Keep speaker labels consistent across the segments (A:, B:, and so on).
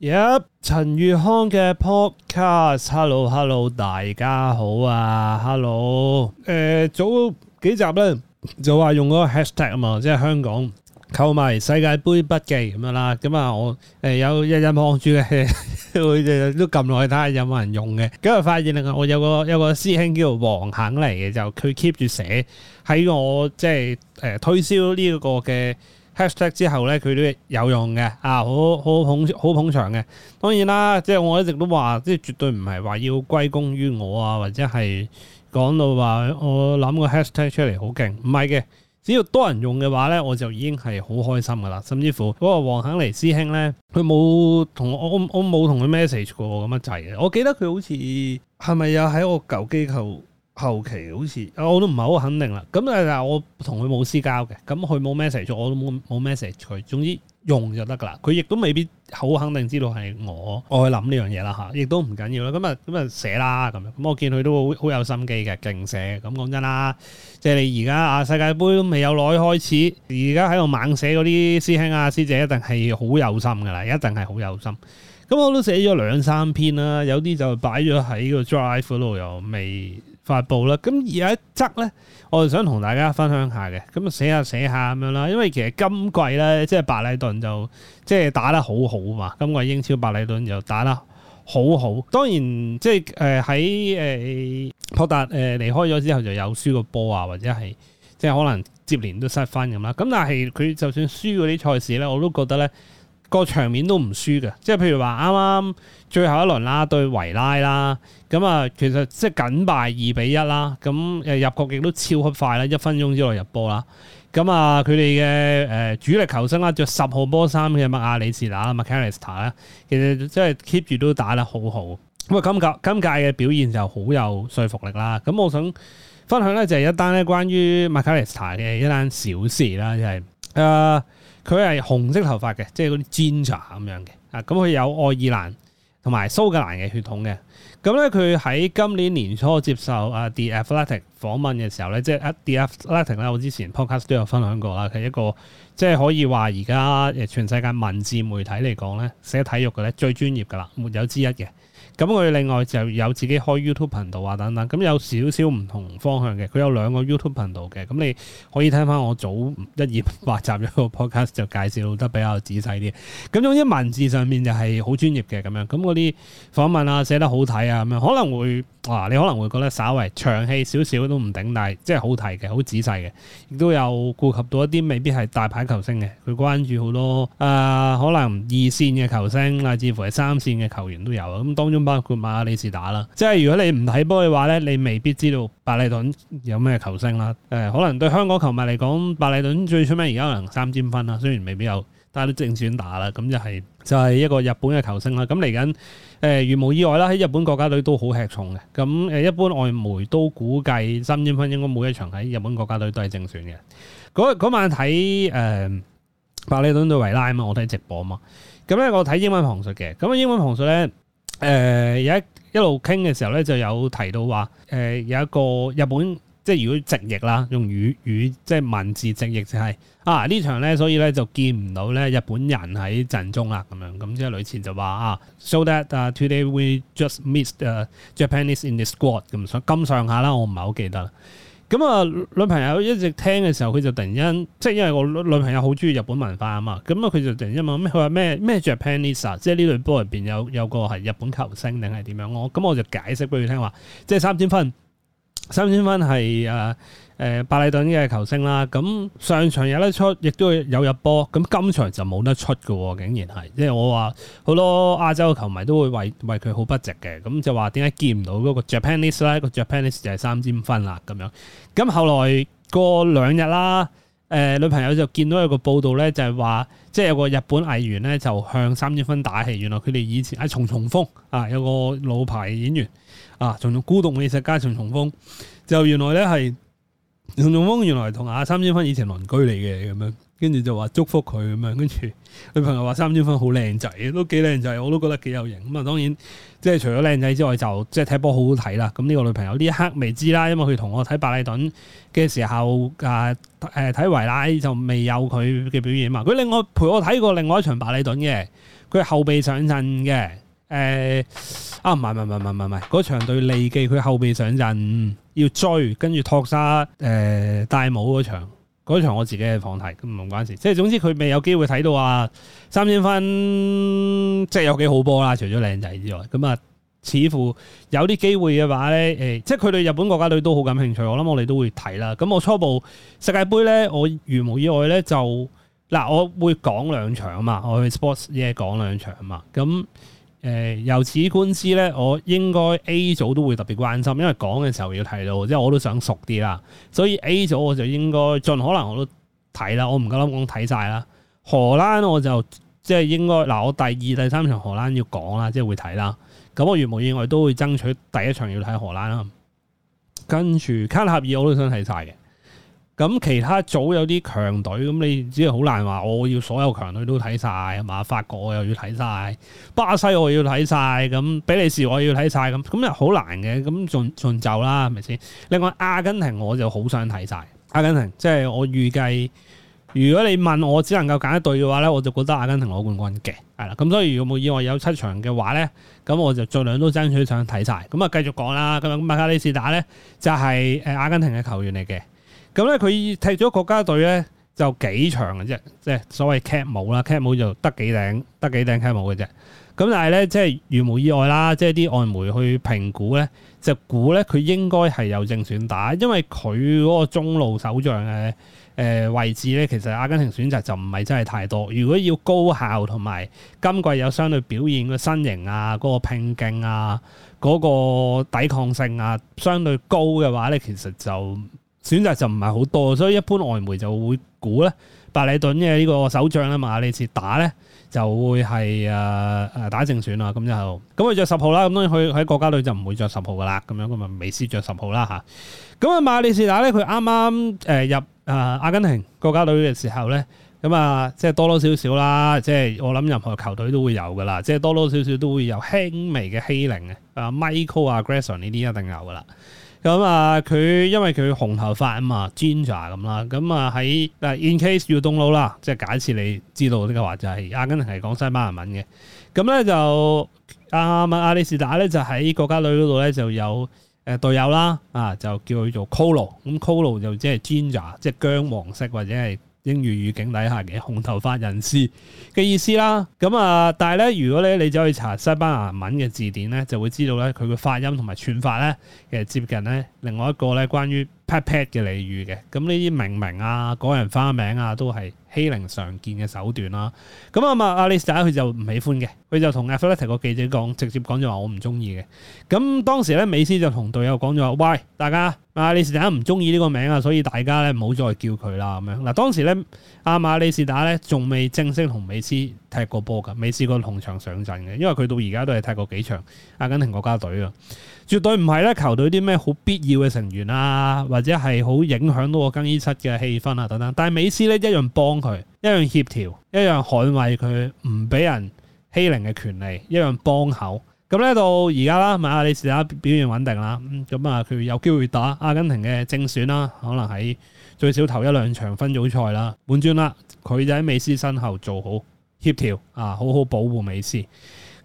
A: Yep 陳宇康嘅 podcast，hello hello，大家好啊，hello，誒、呃、早幾集咧就話用嗰個 hashtag 啊嘛，即係香港購買世界杯筆記咁樣啦，咁、嗯、啊我誒、呃、有一一望住嘅，我 哋都撳落去睇下有冇人用嘅，咁啊發現咧我有個有個師兄叫做黃肯嚟嘅，就佢 keep 住寫喺我即係誒、呃、推銷呢一個嘅。#hashtag 之後咧，佢都有用嘅，啊，好好，好捧好捧場嘅。當然啦，即係我一直都話，即係絕對唔係話要歸功於我啊，或者係講到話我諗個 #hashtag 出嚟好勁，唔係嘅。只要多人用嘅話咧，我就已經係好開心噶啦。甚至乎嗰個黃肯尼師兄咧，佢冇同我我冇同佢 message 過咁乜滯嘅。我記得佢好似係咪有喺我舊機構？後期好似我都唔係好肯定啦。咁啊，但係我同佢冇私交嘅，咁佢冇 message，我都冇冇 message 佢。總之用就得噶啦。佢亦都未必好肯定知道係我。我去諗呢樣嘢啦嚇，亦都唔緊要啦。咁啊咁啊寫啦咁樣。咁我見佢都好好有心機嘅，勁寫。咁講真啦，即係你而家啊，世界盃都未有耐開始，而家喺度猛寫嗰啲師兄啊師姐一定係好有心噶啦，一定係好有心。咁我都寫咗兩三篇啦，有啲就擺咗喺個 drive 嗰度，又未發布啦，咁有一則咧，我就想同大家分享下嘅，咁啊寫下寫下咁樣啦，因為其實今季咧，即係白禮頓就即係打得好好嘛，今季英超白禮頓就打得好好，當然即係誒喺誒托達誒離開咗之後就有輸個波啊，或者係即係可能接連都失分咁啦，咁但係佢就算輸嗰啲賽事咧，我都覺得咧。個場面都唔輸嘅，即係譬如話啱啱最後一輪啦，對維拉啦，咁啊，其實即係僅敗二比一啦，咁入局亦都超級快啦，一分鐘之內入波啦，咁啊，佢哋嘅誒主力求生球星啦，着十號波衫嘅麥亞里士打啦麥卡里斯塔啦，其實即係 keep 住都打得好好，咁啊今屆今屆嘅表現就好有說服力啦，咁我想分享咧就係一單咧關於麥卡里斯塔嘅一單小事啦，就係、是、誒。呃。佢係紅色頭髮嘅，即係嗰啲 Ginger 咁樣嘅，啊咁佢有愛爾蘭同埋蘇格蘭嘅血統嘅，咁咧佢喺今年年初接受啊 The Athletic 訪問嘅時候咧，即係 The Athletic 咧，我之前 podcast 都有分享過啦，佢係一個。即係可以話而家誒全世界文字媒體嚟講咧，寫體育嘅咧最專業㗎啦，沒有之一嘅。咁佢另外就有自己開 YouTube 頻道啊，等等。咁有少少唔同方向嘅，佢有兩個 YouTube 頻道嘅。咁你可以聽翻我早一頁話 集一個 podcast 就介紹得比較仔細啲。咁總之文字上面就係好專業嘅咁樣。咁嗰啲訪問啊，寫得好睇啊咁樣，可能會。啊、你可能會覺得稍微長氣少少都唔頂，但係即係好睇嘅，好仔細嘅，亦都有顧及到一啲未必係大牌球星嘅，佢關注好多誒、呃，可能二線嘅球星啊，甚至乎係三線嘅球員都有。咁當中包括麥亞里士打啦。即係如果你唔睇波嘅話呢，你未必知道白利頓有咩球星啦。誒、呃，可能對香港球迷嚟講，白利頓最出名而家可能三尖分啦，雖然未必有，但係都正選打啦，咁就係、是。就係一個日本嘅球星啦，咁嚟緊誒，如無意外啦，喺日本國家隊都好吃重嘅。咁、嗯、誒，一般外媒都估計三點分應該每一場喺日本國家隊都係正選嘅。嗰晚睇誒巴里頓對維拉嘛，我睇直播嘛，咁、嗯、咧我睇英文旁述嘅。咁、嗯、啊英文旁述咧誒，有、呃、一一路傾嘅時候咧，就有提到話誒、呃、有一個日本。即係如果直譯啦，用語語即係文字直譯就係啊呢場咧，所以咧就見唔到咧日本人喺陣中啦咁樣。咁即係女前就話啊，so that、uh, today we just missed、uh, Japanese in the squad 咁上咁上下啦，我唔係好記得。咁啊，女朋友一直聽嘅時候，佢就突然間即係因為我女朋友好中意日本文化啊嘛，咁啊佢就突然間問咩？佢話咩咩 Japanese 啊？即係呢隊波入邊有有個係日本球星定係點樣？我咁我就解釋俾佢聽話，即係三千分。三千分係誒誒巴里頓嘅球星啦，咁上場有得出，亦都會有入波，咁今場就冇得出㗎喎、哦，竟然係，即係我話好多亞洲嘅球迷都會為為佢好不值嘅，咁就話點解見唔到嗰個 Japanese 啦，個 Japanese 就係三千分啦咁樣，咁後來過兩日啦。誒、呃、女朋友就見到有個報道咧，就係、是、話，即、就、係、是、有個日本藝員咧，就向三點芬打氣。原來佢哋以前啊松重豐啊，有個老牌演員啊，松重孤獨美食家松重豐，就原來咧係松重豐原來同阿三點芬以前鄰居嚟嘅咁樣。跟住就話祝福佢咁樣，跟住女朋友話三千分好靚仔，都幾靚仔，我都覺得幾有型。咁啊，當然即係除咗靚仔之外，就即係踢波好好睇啦。咁呢個女朋友呢一刻未知啦，因為佢同我睇白禮頓嘅時候，啊誒睇、呃、維拉就未有佢嘅表現嘛。佢另外陪我睇過另外一場白禮頓嘅，佢後備上陣嘅，誒、呃、啊唔係唔係唔係唔係唔係，嗰、啊、場對利記佢後備上陣要追，跟住托沙誒、呃、戴帽嗰場。嗰場我自己嘅放題，咁唔關事。即係總之佢未有機會睇到啊，三千分，即係有幾好波啦。除咗靚仔之外，咁啊，似乎有啲機會嘅話咧，誒、欸，即係佢對日本國家隊都好感興趣。我諗我哋都會睇啦。咁我初步世界盃咧，我如無意外咧，就嗱，我會講兩場啊嘛。我去 sports 嘢講兩場啊嘛。咁。誒、呃、由此觀之咧，我應該 A 組都會特別關心，因為講嘅時候要睇到，即係我都想熟啲啦。所以 A 組我就應該盡可能我都睇啦，我唔夠膽講睇晒啦。荷蘭我就即係應該嗱，我第二、第三場荷蘭要講啦，即係會睇啦。咁我如無意外都會爭取第一場要睇荷蘭啦。跟住卡塔赫爾我都想睇晒嘅。咁其他組有啲強隊，咁你只係好難話。我要所有強隊都睇晒，係嘛？法國我又要睇晒，巴西我要睇晒，咁比利時我要睇晒，咁咁又好難嘅。咁盡盡就啦，係咪先？另外阿根廷我就好想睇晒阿根廷，即係我預計，如果你問我只能夠揀一隊嘅話咧，我就覺得阿根廷攞冠軍嘅係啦。咁所以，如果冇意外有七場嘅話咧，咁我就盡量都爭取想睇晒。咁啊，繼續講啦。咁啊，麥亞里士打咧就係誒阿根廷嘅球員嚟嘅。咁咧，佢、嗯、踢咗國家隊咧就幾場嘅啫，即係所謂 cap 帽啦，cap 帽就得幾頂得幾頂 cap 帽嘅啫。咁但係咧，即係如無意外啦，即係啲外媒去評估咧，就估咧佢應該係由正選打，因為佢嗰個中路守將嘅誒位置咧，其實阿根廷選擇就唔係真係太多。如果要高效同埋今季有相對表現嘅身形啊，嗰、那個拼勁啊，嗰、那個抵抗性啊，相對高嘅話咧，其實就～選擇就唔係好多，所以一般外媒就會估咧，白里頓嘅呢個首將啊嘛，麥亞里士打咧就會係誒誒打正選啊，咁就咁佢着十號啦，咁當然佢喺國家隊就唔會着十號噶啦，咁樣咁啊，美斯着十號啦嚇，咁啊麥亞里士打咧，佢啱啱誒入啊、呃、阿根廷國家隊嘅時候咧，咁、嗯、啊即係多多少少啦，即係我諗任何球隊都會有噶啦，即係多多少少都會有輕微嘅欺凌啊，microaggression 呢啲一定有噶啦。咁啊，佢因為佢紅頭髮啊嘛，Ginger 咁啦，咁啊喺嗱，In case you don't know 啦，即係假設你知道呢句話就係、是、阿根廷係講西班牙文嘅，咁咧就阿啊，亞里士打咧就喺國家隊嗰度咧就有誒隊友啦，啊就叫佢做 Colo，咁 Colo 就即係 Ginger，即係薑黃色或者係。英語語境底下嘅紅頭髮人士嘅意思啦，咁、嗯、啊，但係咧，如果咧你走去查西班牙文嘅字典咧，就會知道咧佢嘅發音同埋串法咧，其實接近咧另外一個咧關於 pat pat 嘅俚語嘅，咁呢啲命名啊、個人花名啊，都係。欺凌常見嘅手段啦，咁阿阿阿里士打佢就唔喜歡嘅，佢就同阿弗拉提個記者講，直接講就話我唔中意嘅。咁當時咧，美斯就同隊友講咗話，喂，大家阿里士打唔中意呢個名啊，所以大家咧唔好再叫佢啦。咁樣嗱，當時咧，阿麥亞里士打咧仲未正式同美斯踢過波㗎，未試過同場上陣嘅，因為佢到而家都係踢過幾場阿根廷國家隊啊，絕對唔係咧球隊啲咩好必要嘅成員啊，或者係好影響到個更衣室嘅氣氛啊等等。但係美斯呢一樣幫佢，一樣協調，一樣捍衞佢唔俾人欺凌嘅權利，一樣幫口。咁、嗯、呢到而家啦，咪麥亞里士打表現穩定啦，咁啊佢有機會打阿根廷嘅正選啦，可能喺最少頭一兩場分組賽啦，換轉啦，佢就喺美斯身後做好。協調啊，好好保護美斯。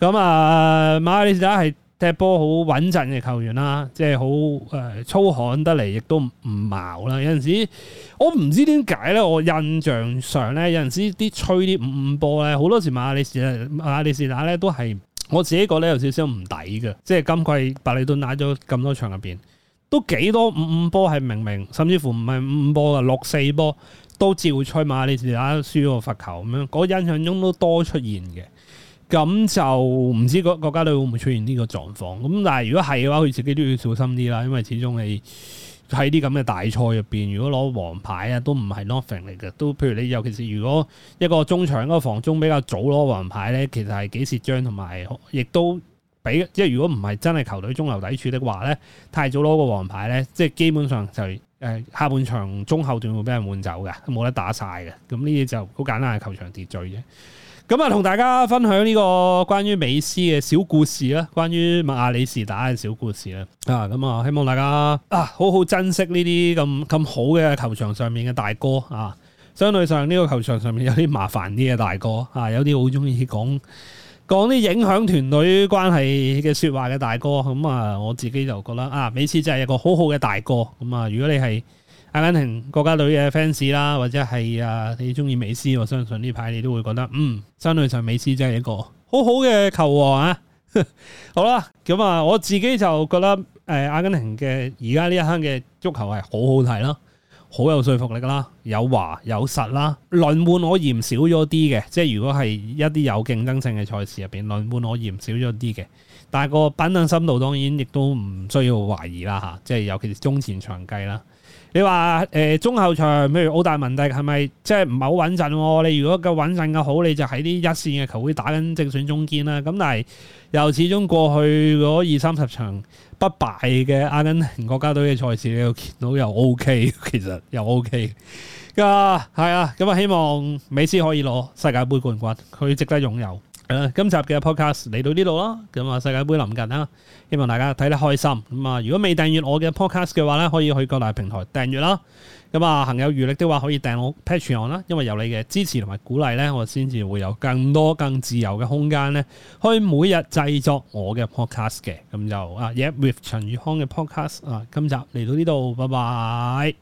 A: 咁啊，麥亞里士打係踢波好穩陣嘅球員啦，即係好誒粗悍得嚟，亦都唔矛啦。有陣時我唔知點解咧，我印象上咧，有陣時啲吹啲五五波咧，好多時麥亞里士麥亞里士打咧都係我自己覺得有少少唔抵嘅。即係今季白里頓打咗咁多場入邊，都幾多五五波係明明，甚至乎唔係五五波嘅六四波。都照吹嘛，你哋而家輸個罰球咁樣，嗰、那個、印象中都多出現嘅。咁就唔知個國家隊會唔會出現呢個狀況？咁但係如果係嘅話，佢自己都要小心啲啦，因為始終你喺啲咁嘅大賽入邊，如果攞黃牌啊，都唔係 nothing 嚟嘅。都譬如你尤其是如果一個中場一個防中比較早攞黃牌咧，其實係幾蝕張同埋，亦都比即係如果唔係真係球隊中流砥柱的話咧，太早攞個黃牌咧，即係基本上就是。誒，下半場中後段會俾人換走嘅，冇得打晒嘅。咁呢啲就好簡單嘅球場秩序啫。咁啊，同大家分享呢個關於美斯嘅小故事啦，關於麥亞里士打嘅小故事啦。啊，咁啊，希望大家啊，好好珍惜呢啲咁咁好嘅球場上面嘅大哥啊。相對上呢個球場上面有啲麻煩啲嘅大哥啊，有啲好中意講。講啲影響團隊關係嘅說話嘅大哥，咁、嗯、啊我自己就覺得啊，美斯真係一個好好嘅大哥。咁、嗯、啊，如果你係阿根廷國家隊嘅 fans 啦，或者係啊你中意美斯，我相信呢排你都會覺得嗯，相對上美斯真係一個好好嘅球王啊。好啦，咁、嗯、啊我自己就覺得誒、啊，阿根廷嘅而家呢一刻嘅足球係好好睇啦。好有說服力啦，有華有實啦，輪換我嫌少咗啲嘅，即係如果係一啲有競爭性嘅賽事入邊，輪換我嫌少咗啲嘅，但係個品等深度當然亦都唔需要懷疑啦吓，即係尤其是中前場計啦。你話誒、呃、中後場，譬如澳大文帝係咪即係唔係好穩陣喎、啊？你如果夠穩陣嘅好，你就喺啲一線嘅球會打緊正選中堅啦、啊。咁但係又始終過去嗰二三十場不敗嘅阿根廷國家隊嘅賽事，你又見到又 O、OK, K，其實又 OK 噶，係啊。咁啊、嗯，希望美斯可以攞世界盃冠軍，佢值得擁有。今集嘅 podcast 嚟到呢度啦，咁啊世界盃臨近啦，希望大家睇得開心。咁啊，如果未訂閱我嘅 podcast 嘅話咧，可以去各大平台訂閱啦。咁啊，行有餘力嘅話，可以訂我 Patreon 啦。因為有你嘅支持同埋鼓勵咧，我先至會有更多更自由嘅空間咧，可以每日製作我嘅 podcast 嘅。咁就啊，y 家 with 陳宇康嘅 podcast 啊，Pod cast, 今集嚟到呢度，拜拜。